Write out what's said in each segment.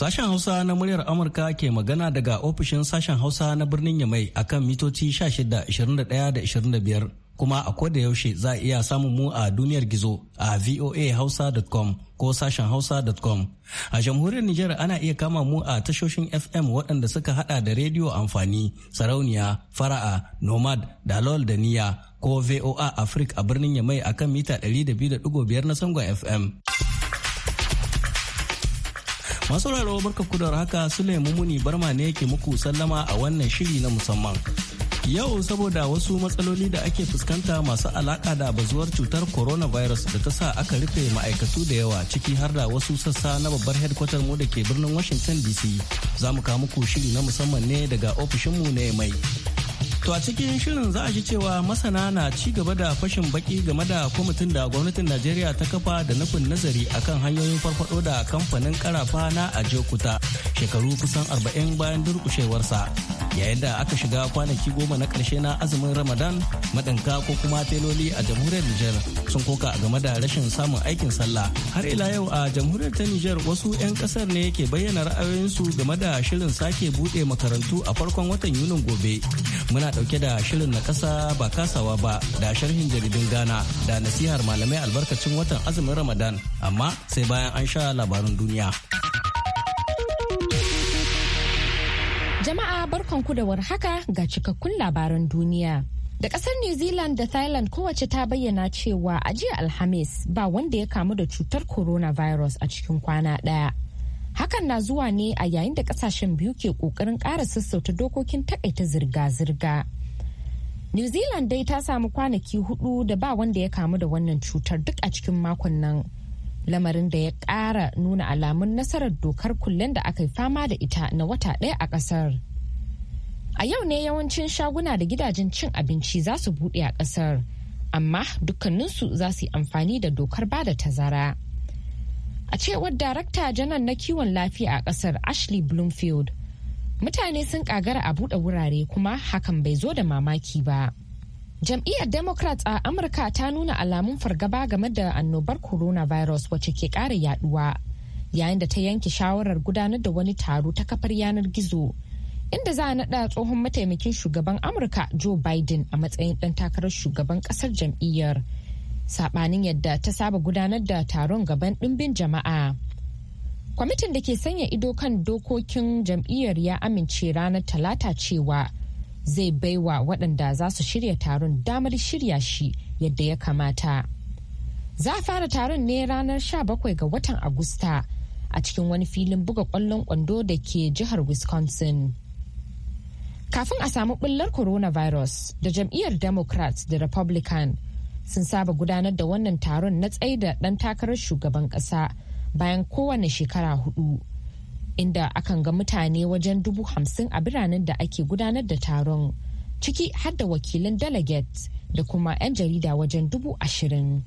Sashen Hausa na muryar Amurka ke magana daga ofishin sashen Hausa na birnin Yamai a kan mitoci 16, da 25 kuma a koda yaushe za a iya samun mu a duniyar gizo a voahausa.com ko sashen hausa.com. A jamhuriyar Nijar ana iya kama mu a tashoshin FM waɗanda suka hada da rediyo amfani, sarauniya, fara'a, nomad, dalol da niya ko VOA Africa a birnin Yamai a kan mita 102.5 na sangon FM. Masu raro ku da haka Sulaimu Muni Barma ne yake muku sallama a wannan shiri na musamman. Yau saboda wasu matsaloli da ake fuskanta masu alaka da bazuwar cutar coronavirus da ta sa aka rufe ma'aikatu da yawa ciki har da wasu sassa na babbar headquarter mu da ke birnin Washington DC. Za mu kawo muku shiri na musamman ne daga ofishinmu na mai. To a cikin shirin za a ji cewa masana na ci gaba da fashin baki game da kwamitin da gwamnatin Najeriya ta kafa da nufin nazari akan hanyoyin farfado da kamfanin karafa na Ajokuta shekaru kusan 40 bayan durkushewarsa. yayin da aka shiga kwanaki goma na karshe na azumin ramadan maɗinka ko kuma teloli a jamhuriyar niger sun koka game da rashin samun aikin sallah har ila yau a jamhuriyar ta niger wasu 'yan ƙasar ne ke bayyana ra'ayoyinsu game da shirin sake buɗe makarantu a farkon watan yunin gobe muna ɗauke da shirin na ƙasa ba kasawa ba da sharhin jaridun ghana da nasihar malamai albarkacin watan azumin ramadan amma sai bayan an sha labarin duniya. barkan ku da warhaka ga cikakkun labaran duniya. Da kasar New Zealand da Thailand kowace ta bayyana cewa a jiya Alhamis ba wanda ya kamu da cutar coronavirus a cikin kwana ɗaya. Hakan na zuwa ne a yayin da kasashen biyu ke ƙoƙarin ƙara sassauta dokokin takaita zirga-zirga. New Zealand dai ta samu kwanaki hudu da ba wanda ya kamu da wannan cutar duk a cikin makon nan. Lamarin da ya ƙara nuna alamun nasarar dokar kullen da aka yi fama da ita na wata ɗaya a ƙasar. A yau ne yawancin shaguna da gidajen cin abinci za su buɗe a ƙasar, amma dukkaninsu za su yi amfani da dokar ba da tazara. A cewar Darakta Janar na kiwon lafiya a ƙasar Ashley Bloomfield, mutane sun ƙagara a buɗe wurare kuma hakan bai zo da mamaki ba. Jam'iyyar Democrats a Amurka ta nuna alamun fargaba game da annobar coronavirus wacce ke ƙara yaɗuwa? yayin da ta yanke shawarar gudanar da wani taro ta kafar yanar gizo inda za a naɗa tsohon mataimakin shugaban amurka joe biden a matsayin ɗan takarar shugaban ƙasar jam'iyyar saɓanin yadda ta saba gudanar da taron gaban ɗimbin jama'a kwamitin da ke sanya ido kan dokokin jam'iyyar ya amince ranar talata cewa zai baiwa waɗanda za su shirya taron damar shirya shi yadda ya kamata za a fara taron ne ranar 17 ga watan agusta a cikin wani filin buga kwallon kwando da ke jihar wisconsin Kafin a samu ɓullar coronavirus da jam'iyyar Democrats da Republican sun saba gudanar da wannan taron na tsaye da ɗan takarar shugaban ƙasa bayan kowane shekara hudu. Inda akan ga mutane wajen dubu hamsin a biranen da ake gudanar da taron ciki har da wakilin delegates da kuma 'yan jarida wajen dubu ashirin.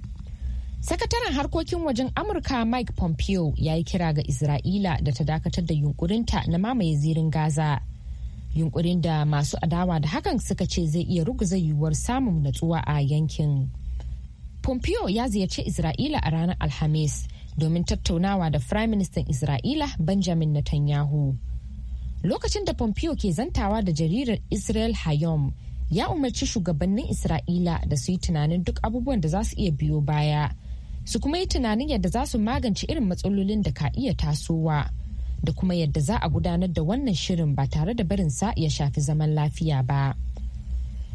Sakataren harkokin wajen Amurka Mike Pompeo ya yi kira ga Isra'ila da ta dakatar da yunkurinta na mamaye zirin Gaza. yunkurin da masu adawa da hakan suka ce zai iya ruguza yiwuwar samun natsuwa a yankin pompeo ya ziyarci isra'ila a ranar alhamis domin tattaunawa da firayim ministan isra'ila benjamin netanyahu lokacin da pompeo ke zantawa da jaridar israel hayom ya umarci shugabannin isra'ila da su yi tunanin duk abubuwan da za su iya biyo baya su kuma yi tunanin yadda za su magance irin matsalolin da ka iya tasowa. da kuma yadda za a gudanar da wannan shirin ba tare da barinsa ya shafi zaman lafiya ba.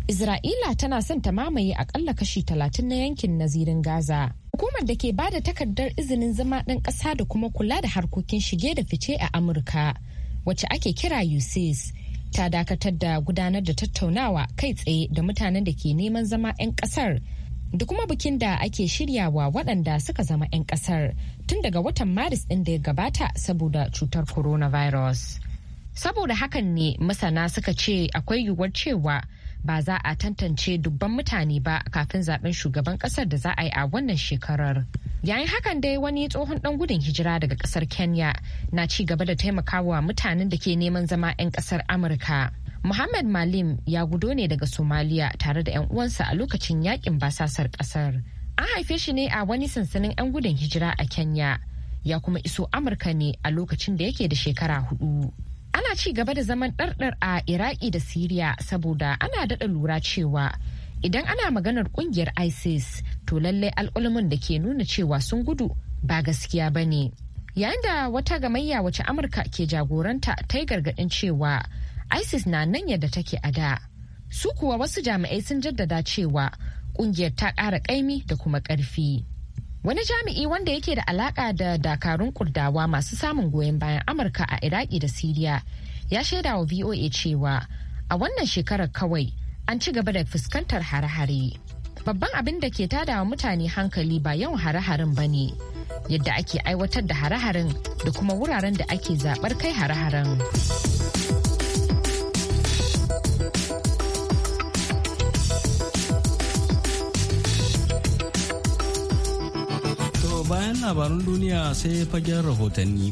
Isra'ila tana son ta mamaye akalla kashi talatin na yankin nazirin Gaza. Hukumar da ke bada takardar izinin zama ɗan ƙasa da kuma kula da harkokin shige da fice a Amurka, wacce ake kira USAID, ta dakatar da gudanar da tattaunawa kai tsaye da mutanen da ke neman zama 'yan ƙasar da kuma bikin da ake shiryawa waɗanda suka zama 'yan ƙasar tun daga watan maris ɗin da ya gabata saboda cutar coronavirus. Saboda hakan ne masana suka ce akwai yiwuwar cewa ba za a tantance dubban mutane ba kafin zaben shugaban ƙasar da za a yi a wannan shekarar. Yayin hakan dai wani tsohon ɗan gudun hijira daga ƙasar Kenya na ci gaba da taimakawa mutanen da ke neman zama 'yan ƙasar Amurka. Muhammad Malim ya gudo ne daga Somalia tare da 'yan uwansa a lokacin yakin basasar kasar. An haife shi ne a wani sansanin 'yan gudun hijira a Kenya, ya kuma iso Amurka ne a lokacin da yake da shekara hudu. Ana ci gaba da zaman ɗarɗar a Iraki da Siriya saboda ana daɗa lura cewa idan ana maganar ƙungiyar ISIS to lallai al'ulmin da ke nuna cewa sun gudu ba gaskiya ba ne. Yayin da wata gamayya wace Amurka ke jagoranta ta yi gargaɗin cewa isis na nan yadda take a da su kuwa wasu jami'ai sun jaddada cewa kungiyar ta ƙara ƙaimi da kuma ƙarfi wani jami'i wanda yake da alaka da dakarun kurdawa masu samun goyon bayan amurka a iraki da siriya ya shaida wa voa cewa a wannan shekarar kawai an ci gaba da fuskantar hare-hare babban abin da ke tada wa mutane hankali ba yawan hare-haren ba ne yadda ake aiwatar da hare-haren da kuma wuraren da ake zabar kai hare-haren. bayan labaran duniya sai fagen rahotanni.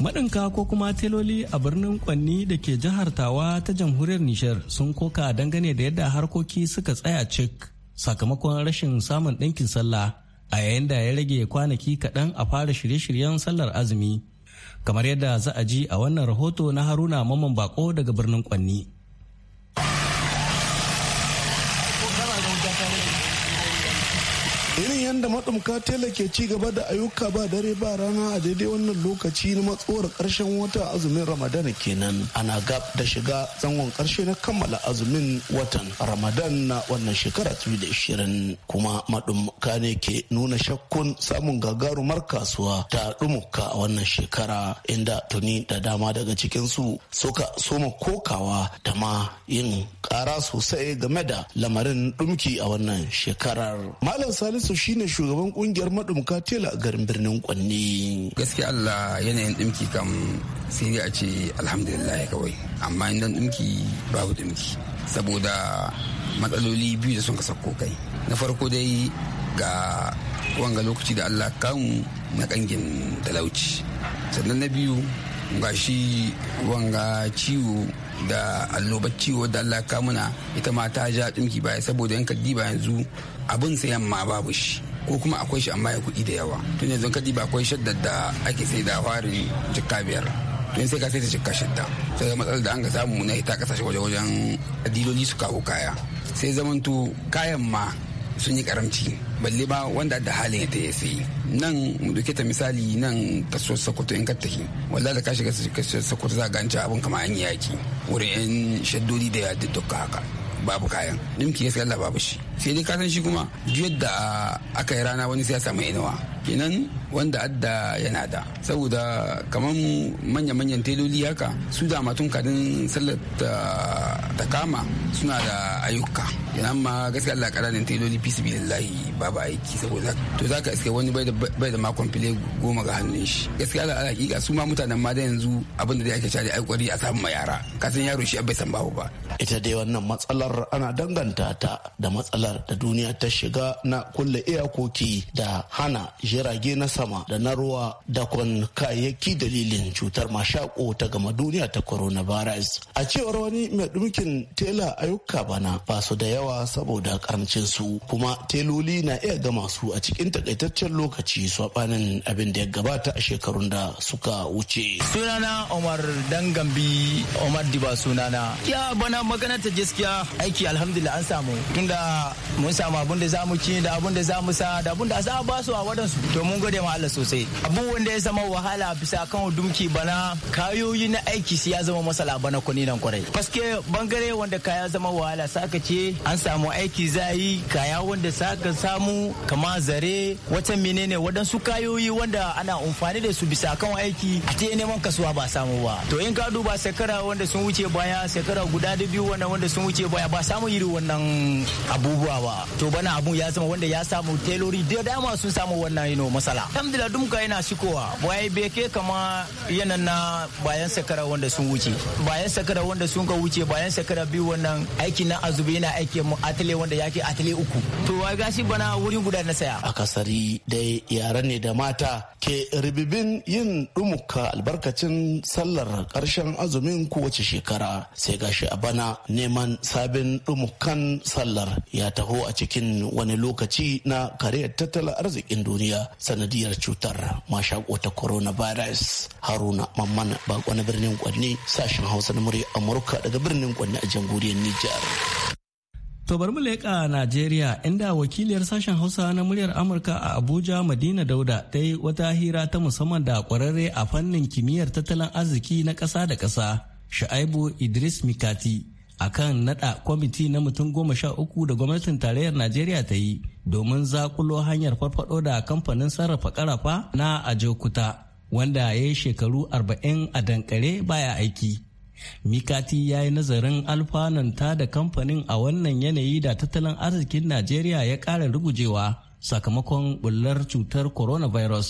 maɗinka ko kuma teloli a birnin kwanni da ke jihar tawa ta jamhuriyar nishar sun koka dangane da yadda harkoki suka tsaya cik sakamakon rashin samun ɗinkin sallah a yayin da ya rage kwanaki kaɗan a fara shirye-shiryen sallar azumi kamar yadda za a ji a wannan rahoto na haruna maman bako daga birnin kwanni yadda maɗumka tela ke ci gaba da ayyuka ba dare ba rana a daidai wannan lokaci na matsowar ƙarshen wata azumin ramadan kenan ana gab da shiga zangon ƙarshe na kammala azumin watan ramadan na wannan shekara 2020 kuma maɗumka ne ke nuna shakkun samun gagarumar kasuwa ta ɗumuka a wannan shekara inda tuni da dama daga cikin su suka soma kokawa da ma yin ƙara sosai game da lamarin ɗumki a wannan shekarar malam salisu shine shine shugaban kungiyar madumka tela a garin birnin Kwanne. Gaskiya Allah yanayin dimki kam sai a ce alhamdulillah kawai amma inda dimki babu dimki saboda matsaloli biyu da sun ka sako kai. Na farko dai ga wanga lokaci da Allah kan na kangin talauci. Sannan na biyu ga shi wanga ciwo da allobar ciwo da Allah kamuna ita ma ta ja dimki baya saboda yanka diba yanzu abin sayan ma babu shi ko kuma akwai shi amma ya kuɗi da yawa tun yanzu ka ba akwai shaddar da ake sai da farin jikka biyar don sai ka sai ta jikka shidda sai matsalar da an ga samu na ita kasashe waje wajen diloli su kawo kaya sai zamanto kayan ma sun yi karamci balle ba wanda da halin ta ya sayi nan mu duke ta misali nan kaso sokoto in kattaki wallahi da ka shiga kaso za ganci abin kama an yi yaki wurin yan shaddodi da ya dukka haka babu kayan dinki ya sai Allah babu shi sai dai kasan shi kuma duk yadda aka yi rana wani sai ya samu inuwa kenan wanda adda yana da saboda kamar manya-manyan teloli haka su da matun kadin sallar ta kama suna da ayyuka yana ma gaskiya Allah karanin teloli fi su billahi ba aiki saboda to zaka iske wani bai da makon file goma ga hannun shi gaskiya Allah hakika su ma mutanen ma da yanzu abin da ake cari ai aikwari a samu yara kasan yaro shi bai san babu ba ita dai wannan matsalar ana danganta ta da matsalar matsalar da duniya ta shiga na kulle iyakoki da hana jirage na sama da na ruwa da kun kayayyaki dalilin cutar mashako ta gama duniya ta coronavirus a cewar wani mai ɗumkin tela ayyuka bana ba su da yawa saboda karancin su kuma teloli na iya gama su a cikin takaitaccen lokaci sabanin abin da ya gabata a shekarun da suka wuce sunana omar dangambi omar diba sunana ya bana magana ta gaskiya aiki alhamdulillah an samu tunda mun samu abun da za mu ci da abun da za mu sa da abun da za a ba su a wadansu to mun gode ma Allah sosai abu wanda ya zama wahala bisa kan dumki bana kayoyi na aiki su ya zama masala bana kuni nan kwarai paske bangare wanda kaya zama wahala saka ce an samu aiki za yi kaya wanda saka samu kama zare wata menene wadansu kayoyi wanda ana amfani da su bisa kan aiki a ce neman kasuwa ba samu ba to in ka duba shekara wanda sun wuce baya shekara guda da biyu wanda sun wuce baya ba samu iri wannan abubuwa zuwa to bana abun ya zama wanda ya samu telori da dama sun samu wannan yino masala alhamdulillah dumka yana shikowa bai beke kama yanan na bayan sakara wanda sun wuce bayan sakara wanda sun ka wuce bayan sakara biyu wannan aiki na azubi yana aiki mu atale wanda yake atale uku to wai gashi bana wurin guda na saya a kasari dai yaran ne da mata ke ribibin yin dumuka albarkacin sallar karshen azumin kowace shekara sai gashi a bana neman sabin dumukan sallar ya taho a cikin wani lokaci na kariyar tattalin arzikin duniya sanadiyar cutar mashako ta coronavirus haruna mamman ba birnin kwanne sashen hausa na murya amurka daga birnin kwanne a jamhuriyar nijar To bari mu leƙa Najeriya inda wakiliyar sashen Hausa na muryar Amurka a Abuja Madina Dauda ta yi wata hira ta musamman da kwararre a fannin kimiyyar tattalin arziki na ƙasa da ƙasa Sha'aibu Idris Mikati akan nada kwamiti na mutum goma sha uku da gwamnatin tarayyar najeriya ta yi domin zakulo hanyar farfado da kamfanin sarrafa karafa na ajokuta wanda ya yi shekaru arba'in a dankare baya aiki mikati ya yi nazarin alfananta da kamfanin a wannan yanayi da tattalin arzikin najeriya ya ƙara rugujewa sakamakon bullar cutar coronavirus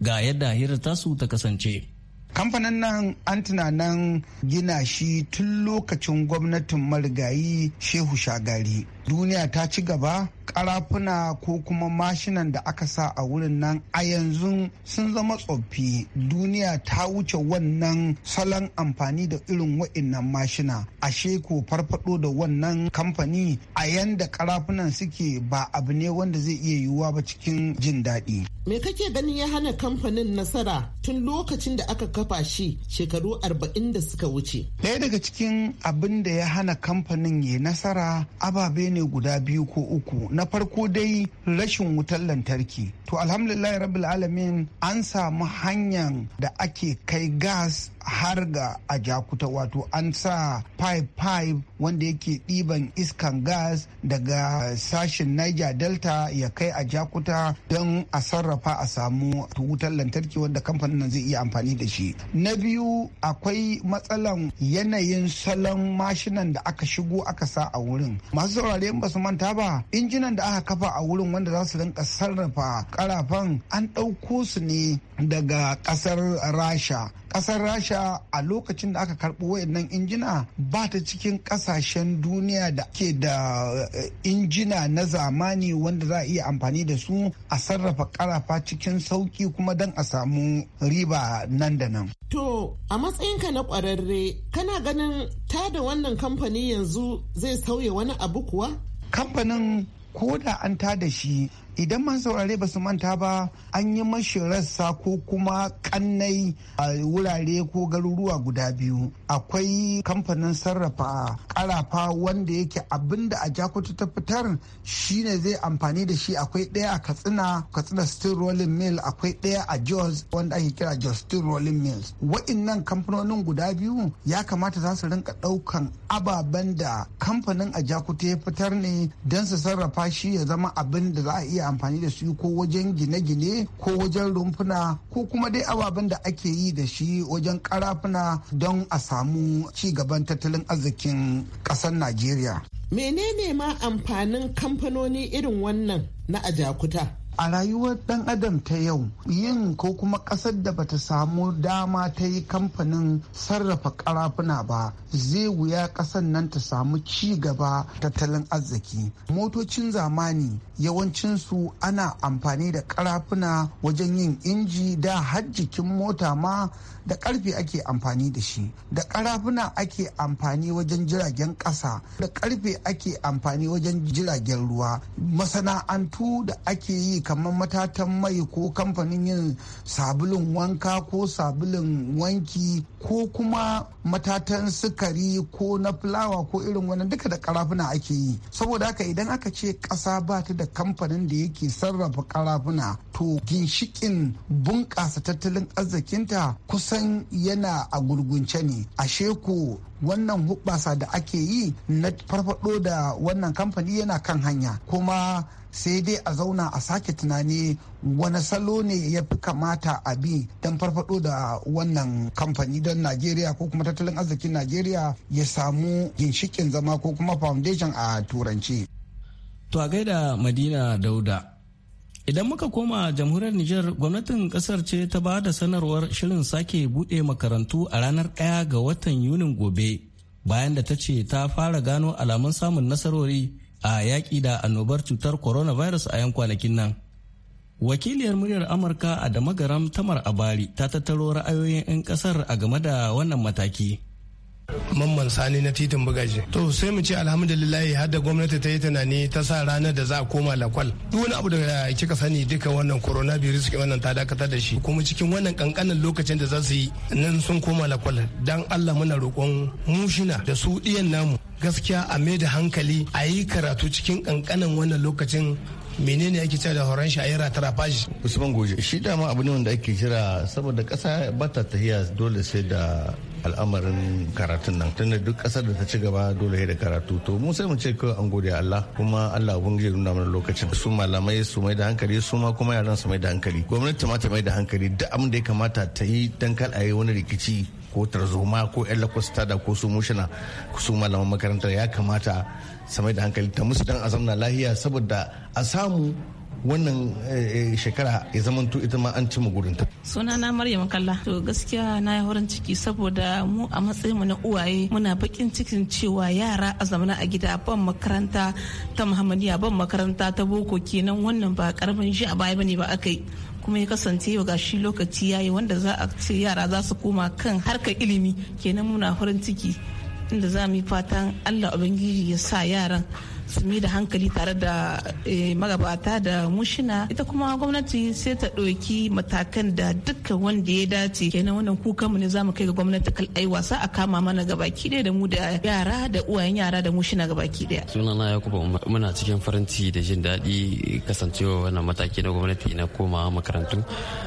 ga yadda hirar tasu ta kasance kamfanin nan an tunanin gina shi tun lokacin gwamnatin marigayi shehu shagari duniya ta ci gaba karafuna ko kuma mashinan da aka sa a wurin nan a yanzu sun zama tsoffi duniya ta wuce wannan salon amfani da irin wa'innan mashina ashe ko farfado da wannan kamfani a yanda karafunan suke ba abu ne wanda zai iya yiwuwa ba cikin jin daɗi me kake ganin ya hana kamfanin nasara tun lokacin da aka kafa shi shekaru arba'in da suka wuce ɗaya daga cikin abin da ya hana kamfanin ya nasara ababe ne guda biyu ko uku na farko dai rashin wutar lantarki to alhamdulillah rabbil alamin an samu hanyar da ake kai gas har ga a jakuta wato an sa pipe pipe wanda yake ɗiban iskan gas daga sashen niger delta ya kai a jakuta don a sarrafa a samu wutar lantarki wanda kamfanin nan zai iya amfani da shi na biyu akwai matsalan yanayin salon mashinan da aka shigo aka sa a wurin masu saurare dai in basu manta ba injinan da aka kafa a wurin wanda za su rinka sarrafa karafan an ɗauko su ne daga ƙasar rasha kasar rasha a lokacin da aka karɓo waɗannan injina ba ta cikin ƙasashen duniya da ke da eh, injina na zamani wanda za a iya amfani da su a sarrafa karafa cikin sauki kuma don a samu riba nan da nan. To, a matsayinka na ƙwararre, kana ganin ta da wannan kamfani yanzu zai sauya wani abu kuwa? Kamfanin ko da an da shi idan man saurare ba su manta ba an yi mashi rassa ko kuma kannai a wurare ko garuruwa guda biyu akwai kamfanin sarrafa karafa wanda yake abinda a jakuta ta fitar shine zai amfani da shi akwai ɗaya a katsina katsina steel rolling mill akwai ɗaya a jos wanda ake kira jos steel rolling mills wa'innan kamfanonin guda biyu ya kamata za su rinka ɗaukan ababen da kamfanin a jakuta ya fitar ne don su sarrafa shi ya zama abin da za a iya amfani da su ko wajen gine-gine ko wajen rumfuna ko kuma dai ababen da ake yi da shi wajen karafuna don a samu ci gaban tattalin arzikin ƙasar najeriya menene ma amfanin kamfanoni irin wannan na ajakuta a rayuwar dan adam ta yau yin ko kuma kasar da bata samu dama ta yi kamfanin sarrafa karafuna ba zai wuya kasar nan ta samu ci gaba tattalin arziki motocin zamani yawancinsu ana amfani da karafuna wajen yin inji da har mota ma da karfe ake amfani da shi da karafuna ake amfani wajen jiragen kasa da karfe ake amfani wajen jiragen ruwa masana'antu da ake yi kamar matatan mai ko kamfanin yin sabulun wanka ko sabulun wanki ko kuma matatan sukari ko na fulawa ko irin wani duka da karafuna ake yi saboda haka idan aka ce ƙasa ba ta da kamfanin da yake sarrafa karafuna to ginshikin bunƙasa tattalin arzikinta kusan yana a gurgunce ne ashe ko wannan hubbasa da ake yi na farfado da wannan kamfani yana kan hanya kuma sai dai a zauna a sake tunani wani salo ne ya fi kamata a bi don farfado da wannan kamfani don najeriya ko kuma tattalin arzikin najeriya ya samu ginshikin zama ko kuma foundation a turanci to a gaida madina dauda Idan muka koma jamhuriyar niger gwamnatin kasar ce ta ba da sanarwar shirin sake bude makarantu a ranar ɗaya ga watan Yunin gobe bayan da ta ce ta fara gano alamun samun nasarori a yaƙi da annobar cutar coronavirus a yan kwanakin nan. Wakiliyar muryar Amurka a Damagaram Tamar Abari ta tattaro ra'ayoyin 'yan ƙasar a game da wannan mataki. Mamman Sani na titin bugaji. To sai mu ce alhamdulillahi har da gwamnati ta yi tunani ta sa ranar da za a koma lakwal. Duk wani abu da kika sani duka wannan coronavirus ke wannan ta dakatar da shi. Kuma cikin wannan kankanin lokacin da za su yi nan sun koma lakwal. Dan Allah muna roƙon mushina da su iyan namu gaskiya a mai da hankali a yi karatu cikin kankanin wannan lokacin menene ake cewa da horon shi a yara tarafaji usman goji shi dama abu ne wanda ake kira saboda kasa ba ta tahiya dole sai da al'amarin karatun nan tunda duk kasar da ta ci gaba dole da karatu to mu sai mu ce kawai an gode Allah kuma Allah ubangiji nuna mana lokacin su malamai su mai da hankali su ma kuma yaran su mai da hankali gwamnati ma ta mai da hankali duk abin da ya kamata ta yi dan kal a yi wani rikici ko tarzoma ko yan lakwasta da ko su mushina ko su malaman makarantar ya kamata samai da hankali ta musu dan azamna lahiya saboda a samu wannan eh, eh, shekara ya zamanto ita ma an ci Suna na maryam kalla to gaskiya na yi horon ciki saboda mu a matsayinmu na uwaye muna bakin cikin cewa yara a zamana a gida ban makaranta ta muhammadiya ban makaranta ta boko kenan wannan ba karamin shi a baya bane ba aka yi kuma ya kasance ga gashi lokaci ya yi wanda za a ce yara za su koma kan harkar ilimi kenan muna farin ciki inda za mu yi fatan allah ubangiji ya sa yaran su mai da hankali tare da eh, magabata da mushina ita kuma gwamnati sai ta ɗauki matakan da duka wanda ya dace kenan wannan kukan mu ne zamu kai ga gwamnati kal ai wasa a kama mana gabaki ɗaya da mu da yara da uwayen yara da mushina gabaki ɗaya sunana yakuba muna cikin farin ciki da jin daɗi kasancewa wannan mataki na gwamnati na koma makarantu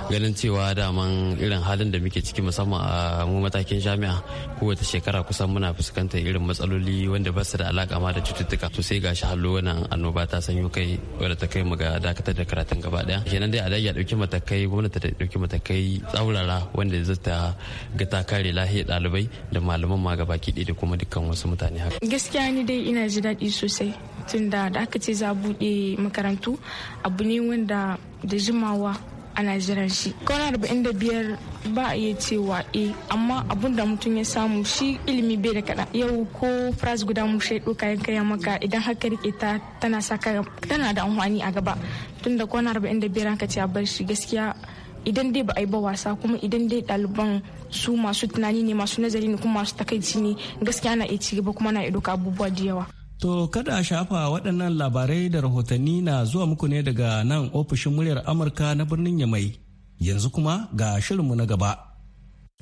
ganin cewa daman irin halin da muke ciki musamman a mu matakin jami'a kowace shekara kusan muna fuskantar irin matsaloli wanda ba su da alaka ma da cututtuka to sai ga gashi hallo wannan annoba ta sanyo kai wadda ta kai mu ga dakatar da karatun gaba daya kenan dai a dai ya dauki matakai gwamnati ta dauki matakai tsaurara wanda zai ta ga ta kare lahiyar dalibai da malaman ma gaba ki da kuma dukkan wasu mutane haka gaskiya ni dai ina ji daɗi sosai tunda da aka ce za a makarantu abu ne wanda da jimawa ana najeriya shi kwana arba'in da biyar ba a iya cewa e amma abun da mutum ya samu shi ilimi bai da kada yau ko fras guda mu shi doka ya kai maka idan haka rike ta tana saka tana da amfani a gaba tunda kwana 45 ka ce a bar shi gaskiya idan dai ba a yi ba wasa kuma idan dai ɗaliban su masu tunani ne masu nazari ne kuma masu takaici ne gaskiya na iya cigaba kuma na iya doka abubuwa da yawa. To kada a shafa waɗannan labarai da rahotanni na zuwa muku ne daga nan ofishin muryar Amurka na birnin Yamai. Yanzu kuma ga shirinmu na gaba.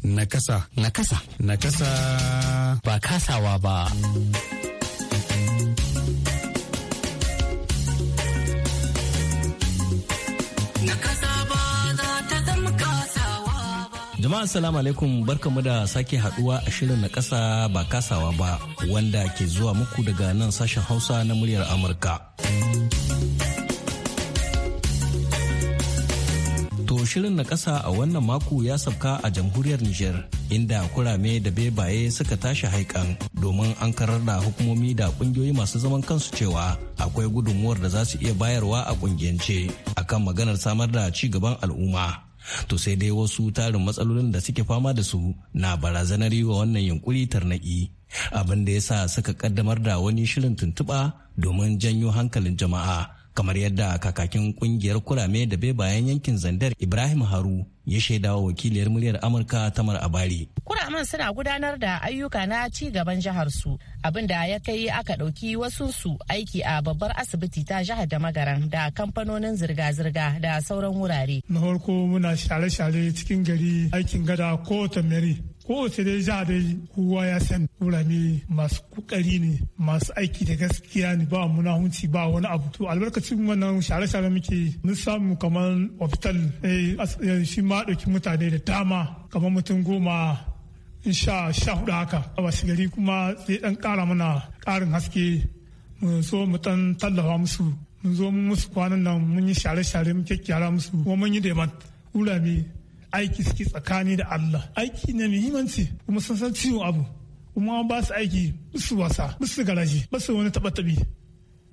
Nakasa. Nakasa. Nakasa. Ba kasawa ba. Jama'a salamu alaikum barkamu da sake haduwa a shirin na kasa ba kasawa ba wanda ke zuwa muku daga nan sashen Hausa na muryar Amurka. shirin na ƙasa a wannan mako ya sabka a jamhuriyar Nijar, inda kurame da bebaye suka tashi haikan domin an karar da hukumomi da ƙungiyoyi masu zaman kansu cewa akwai gudunmuwar da za su iya bayarwa a ƙungiyance kan maganar samar da ci gaban al'umma. to sai dai wasu tarin matsalolin da suke fama da su na barazanar yi wa wannan yunkuri tarnaki abin da ya sa suka kaddamar da wani shirin tuntuɓa domin janyo hankalin jama'a kamar yadda kakakin kungiyar kurame da bai bayan yankin zandar ibrahim haru ya shaidawa wakiliyar muryar amurka tamar abari kuraman suna gudanar da ayyuka na ci gaban jihar su abinda ya kai aka ɗauki wasu su aiki a babbar asibiti ta jihar da magaran da kamfanonin zirga-zirga da sauran wurare na farko muna shale-shale cikin gari aikin gada ko tamari kowace dai jiha dai kowa ya san wurare masu kukari ne masu aiki da gaskiya ne ba hunci ba wani abu to albarkacin wannan share-share muke mun samu kamar hospital eh, eh, shi ma dauki mutane da dama kamar mutum goma sha sha hudu haka a wasu gari kuma zai dan kara mana karin haske mu so mu dan tallafa musu mun zo mun musu kwanan nan mun yi share-share mun kyakkyara musu kuma mun yi da aiki suke tsakani da Allah aiki ne muhimmanci kuma sun san ciwon abu kuma ba su aiki su wasa ba su garaje ba su wani taba tabi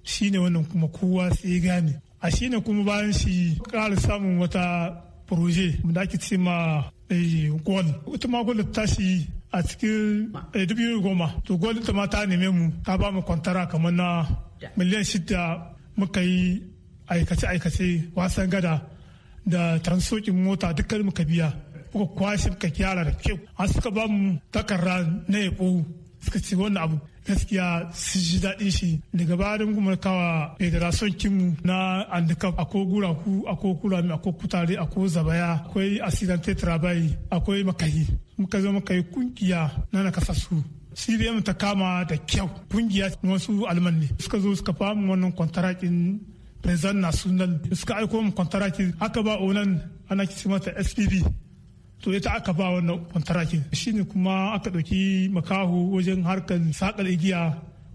shine wannan kuma kowa sai gane a shine kuma bayan shi kara samun wata proje da ake ce ma eh, gol wata ma gol ta shi a cikin eh, dubu goma to gol ta ma ta neme mu ta ba mu kwantara kamar na miliyan shida muka yi aikace-aikace wasan gada da transokin mota dukkan muka biya kuka kwashe muka gyara da kyau an suka ba mu takarra na yabo suka ci wannan abu gaskiya su ji daɗin shi daga bayan kuma kawa federation kinmu na andikap ako gura ku ako kura mai ako kutare ako zabaya akwai accidente travail akwai makahi muka zo muka yi kungiya na na nakasassu mu ta kama da kyau kungiya wasu alman ne suka zo suka famu wannan kwantarakin president national suka aiko mu kontaraki aka ba onan ana kisi mata spv to ita aka ba wannan kwantarakin shine kuma aka ɗauki makahu wajen harkar sakal igiya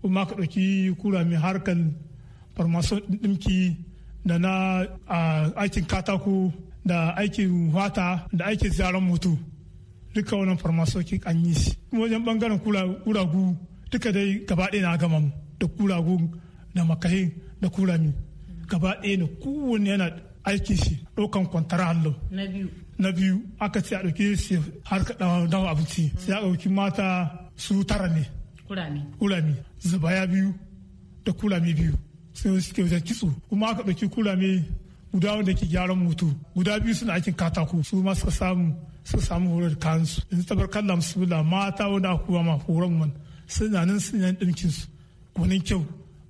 kuma aka ɗauki kura mai harkar farmason ɗinki da na aikin katako da aikin wata da aikin zaren mutu duka wannan farmasokin an yi shi wajen bangaren kuragu duka dai gaba ɗaya na gama da kuragu da makahin da kurami gaba ɗaya ne kowanne yana aiki shi ɗaukan kwantar allo na biyu na biyu aka ce a ɗauki shi har ka abinci sai a ɗauki mata su tara ne kulami kurami zabaya biyu da kulami biyu sai suke wajen kitso kuma aka ɗauki kulami guda wanda ke gyaran mutu guda biyu suna aikin katako su ma suka samu suka samu horar kansu yanzu kalla musu mata wanda aka kuma ma horon man suna nan suna ɗinkin su gwanin kyau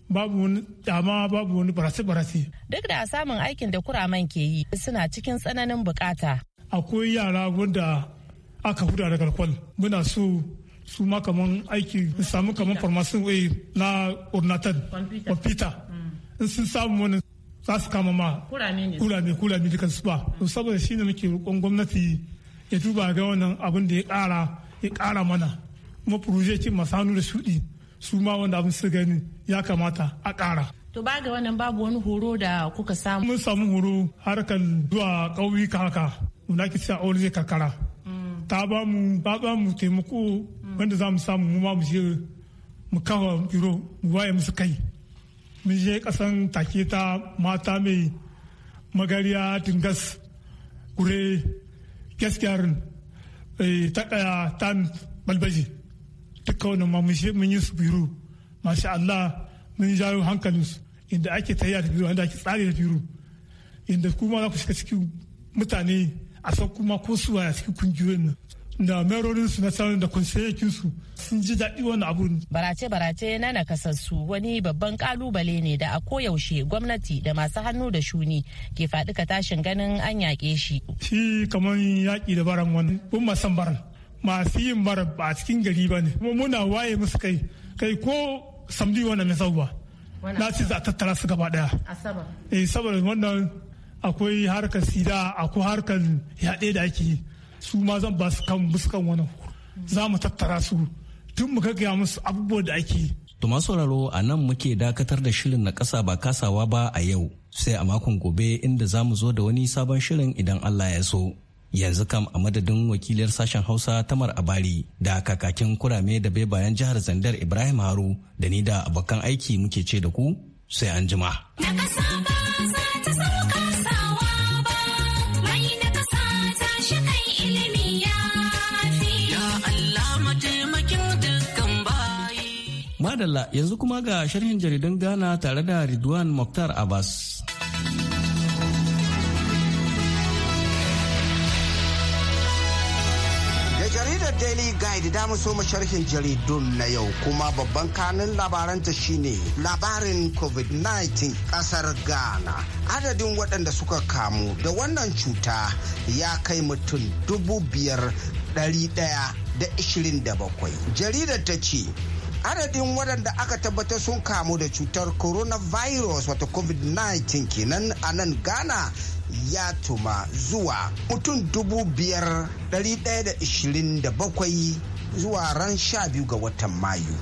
babu wani dama babu wani barasi-barasi. Duk da samun aikin da kuraman ke yi suna cikin tsananin bukata. Akwai yara wanda aka huda da garkwal muna so su ma kaman aiki samu kaman farmasin wai na ornatan kwamfita mm. in sun samu wani za su kama ma kurame kurame dukkan su ba saboda shi ne muke roƙon gwamnati ya duba ga wannan abin da ya ƙara ya ƙara mana kuma ce masanu da shuɗi su ma wanda abin su gani ya kamata a ƙara. To ba ga wannan babu wani horo da kuka samu. Mun samu horo harkar zuwa ƙauyuka haka muna ki sa aure kakara. Ta ba mu ba ba mu taimako mm. wanda za mu samu mu ma mu je mu kawo biro mu waye musu kai. Mun je ƙasan take ta mata mai magariya dingas kure gaskiyar eh, ta ɗaya ta balbaji. duka wannan ma mun yi su biro masha Allah mun jawo hankalinsu inda ake taya da biro inda ake tsari da biro inda kuma za ku shiga cikin mutane a san kuma ko su a cikin kungiyoyin nan da su na sanar da su sun ji daɗi wani ne. Barace-barace na nakasassu wani babban kalubale ne da a koyaushe gwamnati da masu hannu da shuni ke faɗi ka tashin ganin an yaƙe shi. Shi kamar yaƙi da baran wani, kun san baran. masu yin mara ba a cikin gari ba ne kuma muna waye musu kai kai ko samdi wani mai sauwa na ce za a tattara su gaba daya eh saboda wannan akwai harkar sida akwai harkar yaɗe da ake su ma zan ba su kan musu kan wani za mu tattara su tun mu gaggaya musu abubuwan da ake To sauraro a nan muke dakatar da shirin na ƙasa ba kasawa ba a yau sai a makon gobe inda zamu zo da wani sabon shirin idan Allah ya so. yanzu kam a madadin wakiliyar sashen hausa tamar abari da kakakin kurame da bai bayan jihar zandar ibrahim haru da ni da abokan aiki muke ce da ku sai an jima madalla yanzu kuma ga sharhin jaridan ghana tare da ridwan mokhtar abbas daily guide da mu so sharhin jaridun na yau kuma babban kanin labaranta shine labarin covid-19 kasar ghana adadin waɗanda suka kamu da wannan cuta ya kai mutum dubu biyar ɗari ɗaya da ishirin da bakwai jaridar ta ce adadin waɗanda aka tabbatar sun kamu da cutar coronavirus wata covid-19 kenan a nan ghana Ya tuma zuwa mutum dubu biyar dari daya da ishirin da bakwai zuwa ran sha biyu ga watan mayu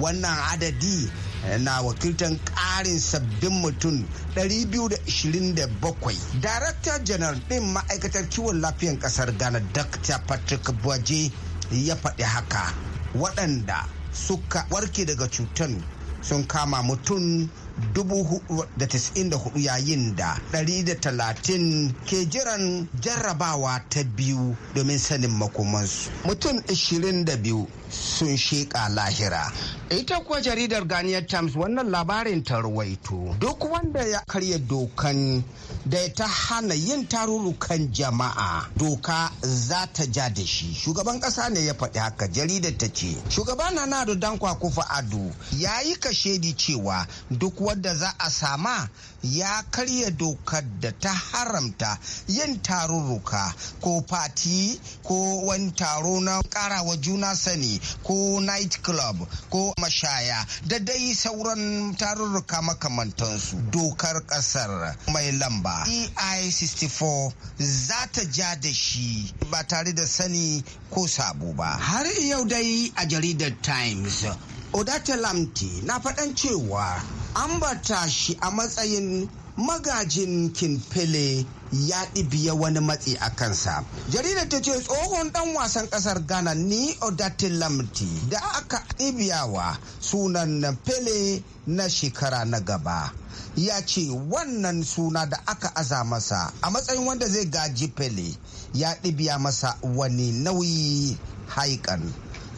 wannan adadi eh, na wakiltar karin sabbin mutum 227 Director janar din ma'aikatar kiwon lafiyan kasar ghana dr patrick buaje ya faɗi haka waɗanda suka warke daga cutan sun kama mutum 4,494 yayin da 130 ke jiran jarrabawa ta biyu domin sanin makomansu. Mutum 22 sun sheƙa lahira. Ita kuwa jaridar Ghanaian Times wannan labarin ta ruwaito. Duk wanda ya karya dokan da ta hana yin tarurrukan jama'a doka za ta ja da shi. Shugaban ƙasa ne ya faɗi haka jaridar ta ce. Shugaban na Ado Dankwa kwakufa Ado ya yi kashedi cewa duk Wadda za a sama ya karya dokar da ta haramta yin tarurruka ko fati ko wani taro na karawa juna sani ko night club ko mashaya da dai sauran tarurruka makamantansu dokar kasar mai lamba ei 64 za ta ja da shi ba tare da sani ko sabo ba har yau dai a jaridar times odata lamti na faɗan cewa ambata shi a matsayin magajin kinfile ya ɗibiya wani matsi a kansa jaridar ta ce tsohon dan wasan ƙasar ghana ni odatin lamti da aka ɗibiyawa sunan na pele na shekara na gaba ya ce wannan suna da aka aza masa a matsayin wanda zai gaji pele ya ɗibiya masa wani nauyi haikan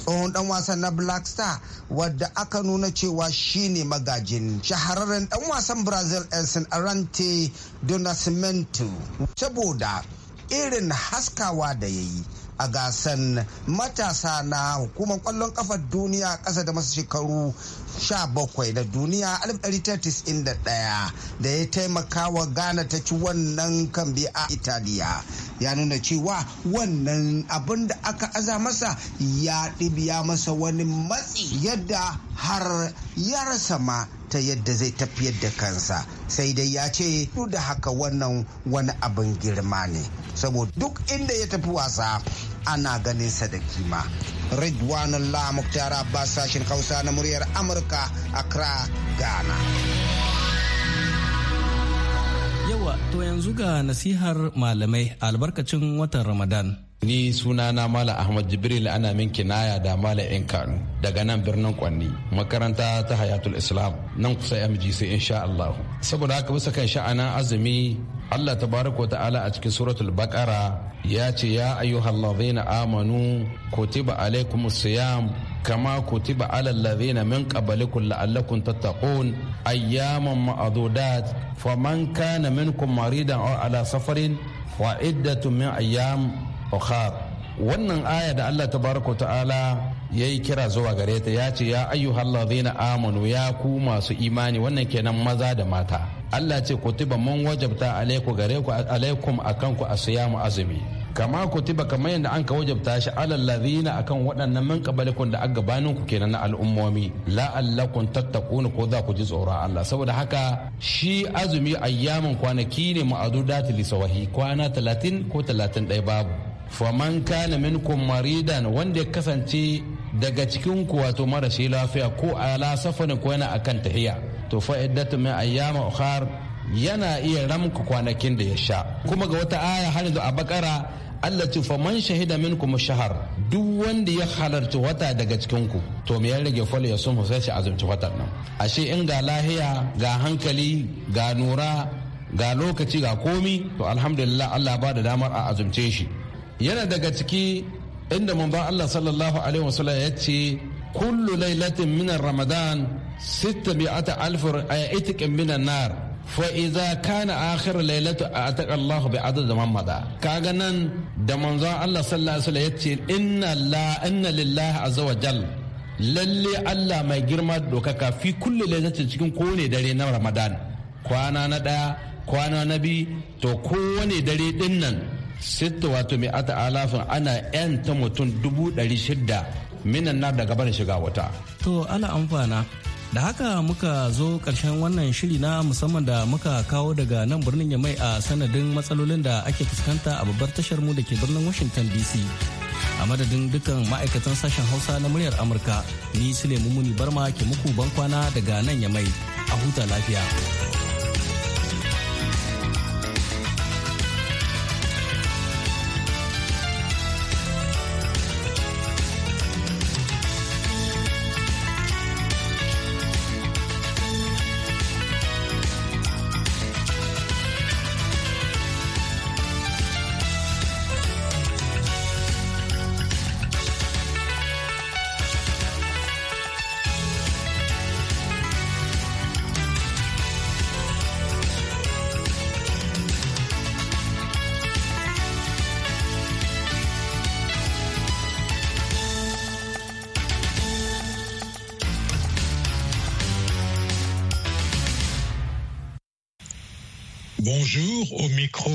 tsohon dan wasa na black star wadda aka nuna cewa shine magajin shahararren dan wasan brazil elson arante do nascimento saboda irin haskawa da ya yi a gasan matasa na hukumar kwallon kafar duniya kasa da masu shekaru 17 na duniya 1991 da ya taimaka wa ghana ta ci wannan kambi a italiya ya nuna cewa wannan abin da aka aza masa ya ɗibiya masa wani matsi yadda har ya rasa ma ta yadda zai tafiyar da kansa sai dai ya ce duk da haka wannan wani abin girma ne saboda duk inda ya tafi wasa ana ganin sa da kima ridwanullah muktar abbas sashin hausa na muryar amurka accra ghana Yawa to yanzu ga nasihar malamai albarkacin watan Ramadan. Ni sunana Mala Ahmad Jibril ana min kinaya da Mala Inkan daga nan birnin Kwanni makaranta ta Hayatul Islam nan kusa MGC insha Allah. Saboda haka bisa kan sha'anin azumi Allah tabaraka wa ta'ala a cikin suratul bakara ya ce ya ayyuhallazina amanu kutiba alaikumus siyam kama kutiba alal ladhina min qablikum la'allakum tattaqun ayyaman ma'dudat faman kana minkum maridan aw ala safarin wa iddatun min ayyam ukhar wannan aya da Allah tabaraka ta'ala yayi kira zuwa gare ta ya ce ya ayyuhal ladhina amanu ya ku masu imani wannan kenan maza da mata Allah ce kutiba mun wajabta alaiku gare ku alaikum akan ku asiyamu azumi kama kutiba kamar yadda an ka wajabta shi alal ladina akan waɗannan min qabalikum da agabanin ku kenan na al'ummomi la'allakum tattaquna ko za ku ji tsoro Allah saboda haka shi azumi ayyamin kwanaki ne li sawahi kwana 30 ko 31 babu man kana minkum maridan wanda ya kasance daga cikin ku wato mara shi lafiya ko ala safarin ko yana akan tahiya to fa iddatu min ayyama ukhar yana iya ramka kwanakin da ya sha kuma ga wata aya har yanzu a bakara Allah ce faman shahida minkum shahar duk wanda ya halarci wata daga cikin ku to me ya rage fal ya sun sai shi azumci watan nan ashe in ga lahiya ga hankali ga nura ga lokaci ga komi to alhamdulillah Allah ba da damar a azumce shi yana daga ciki inda mun ba Allah sallallahu alaihi wasallam ya ce kullu lailatin min ramadan sita a ya itiqin minan nar fa'iza kana akhir lailatu a taƙa Allah bai adada mamada kaga nan da manzon Allah sallallahu alaihi wasallam yace inna la inna lillahi azza wa jal lalle Allah mai girma dokaka fi kulli lailatin cikin kowane dare na Ramadan kwana na daya kwana na bi to kowane dare din nan sitta wato mai ata alafin ana ta mutum dubu dari shida minan na daga bar shiga wata to ala amfana Da haka muka zo karshen wannan shiri na musamman da muka kawo daga nan birnin ya mai a sanadin matsalolin da ake fuskanta a babbar tashar mu da ke birnin Washington DC. A madadin dukkan ma'aikatan sashen Hausa na muryar Amurka, ni Sule Mumuni Barma ke muku bankwana daga nan ya mai A huta lafiya.